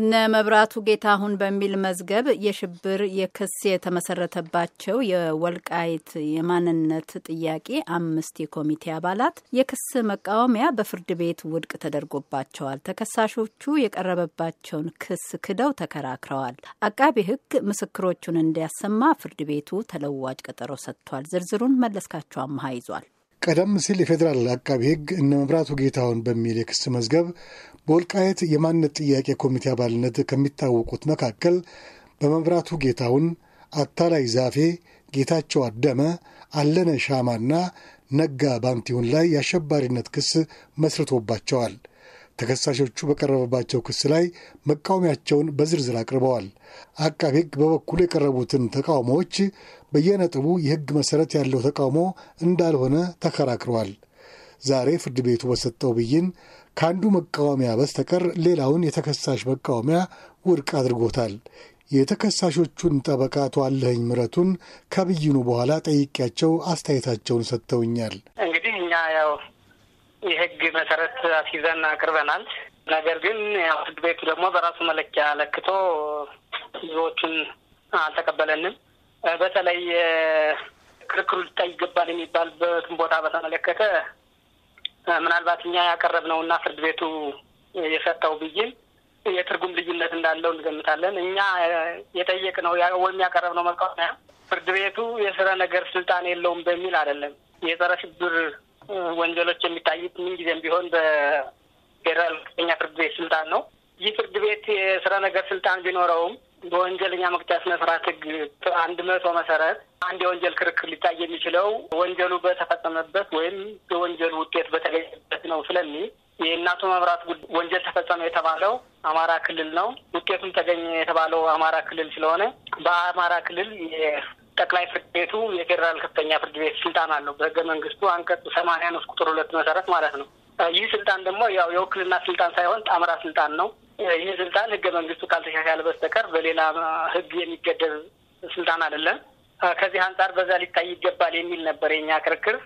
እነ መብራቱ ጌታሁን በሚል መዝገብ የሽብር የክስ የተመሰረተባቸው የወልቃይት የማንነት ጥያቄ አምስት የኮሚቴ አባላት የክስ መቃወሚያ በፍርድ ቤት ውድቅ ተደርጎባቸዋል። ተከሳሾቹ የቀረበባቸውን ክስ ክደው ተከራክረዋል። አቃቢ ሕግ ምስክሮቹን እንዲያሰማ ፍርድ ቤቱ ተለዋጭ ቀጠሮ ሰጥቷል። ዝርዝሩን መለስካቸው አመሃ ይዟል። ቀደም ሲል የፌዴራል አቃቢ ሕግ እነ መብራቱ ጌታሁን በሚል የክስ መዝገብ በወልቃየት የማንነት ጥያቄ ኮሚቴ አባልነት ከሚታወቁት መካከል በመብራቱ ጌታሁን፣ አታላይ ዛፌ፣ ጌታቸው አደመ፣ አለነ ሻማና ነጋ ባንቲሁን ላይ የአሸባሪነት ክስ መስርቶባቸዋል። ተከሳሾቹ በቀረበባቸው ክስ ላይ መቃወሚያቸውን በዝርዝር አቅርበዋል። አቃቢ ሕግ በበኩሉ የቀረቡትን ተቃውሞዎች በየነጥቡ የሕግ መሠረት ያለው ተቃውሞ እንዳልሆነ ተከራክረዋል። ዛሬ ፍርድ ቤቱ በሰጠው ብይን ከአንዱ መቃወሚያ በስተቀር ሌላውን የተከሳሽ መቃወሚያ ውድቅ አድርጎታል። የተከሳሾቹን ጠበቃ አቶ አለኸኝ ምረቱን ከብይኑ በኋላ ጠይቄያቸው አስተያየታቸውን ሰጥተውኛል። እንግዲህ እኛ ያው የህግ መሰረት አስይዘን አቅርበናል። ነገር ግን ያው ፍርድ ቤቱ ደግሞ በራሱ መለኪያ ለክቶ ብዙዎቹን አልተቀበለንም። በተለይ ክርክሩ ሊታይ ይገባል የሚባልበትን ቦታ በተመለከተ ምናልባት እኛ እና ፍርድ ቤቱ የሰጠው ብይን የትርጉም ልዩነት እንዳለው እንገምታለን። እኛ የጠየቅነው ወይም ያቀረብነው መቃወሚያ ፍርድ ቤቱ የስረ ነገር ስልጣን የለውም በሚል አይደለም። የጸረ ሽብር ወንጀሎች የሚታዩት ምን ጊዜም ቢሆን በፌዴራል ከፍተኛ ፍርድ ቤት ስልጣን ነው። ይህ ፍርድ ቤት የስረ ነገር ስልጣን ቢኖረውም በወንጀለኛ መቅጫ ስነ ስርዓት ህግ አንድ መቶ መሰረት አንድ የወንጀል ክርክር ሊታይ የሚችለው ወንጀሉ በተፈጸመበት ወይም የወንጀሉ ውጤት በተገኘበት ነው ስለሚል የእናቱ መብራት ወንጀል ተፈጸመ የተባለው አማራ ክልል ነው። ውጤቱም ተገኘ የተባለው አማራ ክልል ስለሆነ በአማራ ክልል ጠቅላይ ፍርድ ቤቱ የፌዴራል ከፍተኛ ፍርድ ቤት ስልጣን አለው በህገ መንግስቱ አንቀጽ ሰማንያ ንዑስ ቁጥር ሁለት መሰረት ማለት ነው። ይህ ስልጣን ደግሞ ያው የውክልና ስልጣን ሳይሆን ጣምራ ስልጣን ነው። ይህ ስልጣን ህገ መንግስቱ ካልተሻሻለ በስተቀር በሌላ ህግ የሚገደብ ስልጣን አይደለም። ከዚህ አንጻር በዛ ሊታይ ይገባል የሚል ነበር የኛ ክርክር።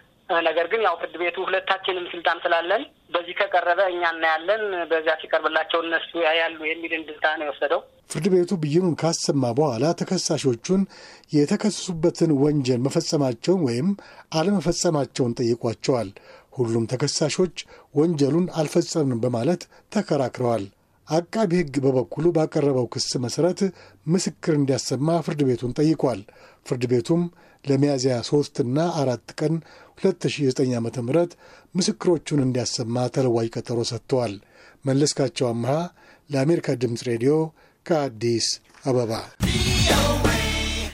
ነገር ግን ያው ፍርድ ቤቱ ሁለታችንም ስልጣን ስላለን በዚህ ከቀረበ እኛ እናያለን፣ በዚያ ሲቀርብላቸው እነሱ ያያሉ የሚል እንድምታ ነው የወሰደው። ፍርድ ቤቱ ብይኑን ካሰማ በኋላ ተከሳሾቹን የተከሰሱበትን ወንጀል መፈጸማቸውን ወይም አለመፈጸማቸውን ጠይቋቸዋል። ሁሉም ተከሳሾች ወንጀሉን አልፈጸምንም በማለት ተከራክረዋል። አቃቢ ሕግ በበኩሉ ባቀረበው ክስ መሠረት ምስክር እንዲያሰማ ፍርድ ቤቱን ጠይቋል። ፍርድ ቤቱም ለሚያዝያ 3 አራት 4 ቀን 2009 ዓ ም ምስክሮቹን እንዲያሰማ ተለዋጅ ቀጠሮ ሰጥተዋል። መለስካቸው አምሃ ለአሜሪካ ድምፅ ሬዲዮ ከአዲስ አበባ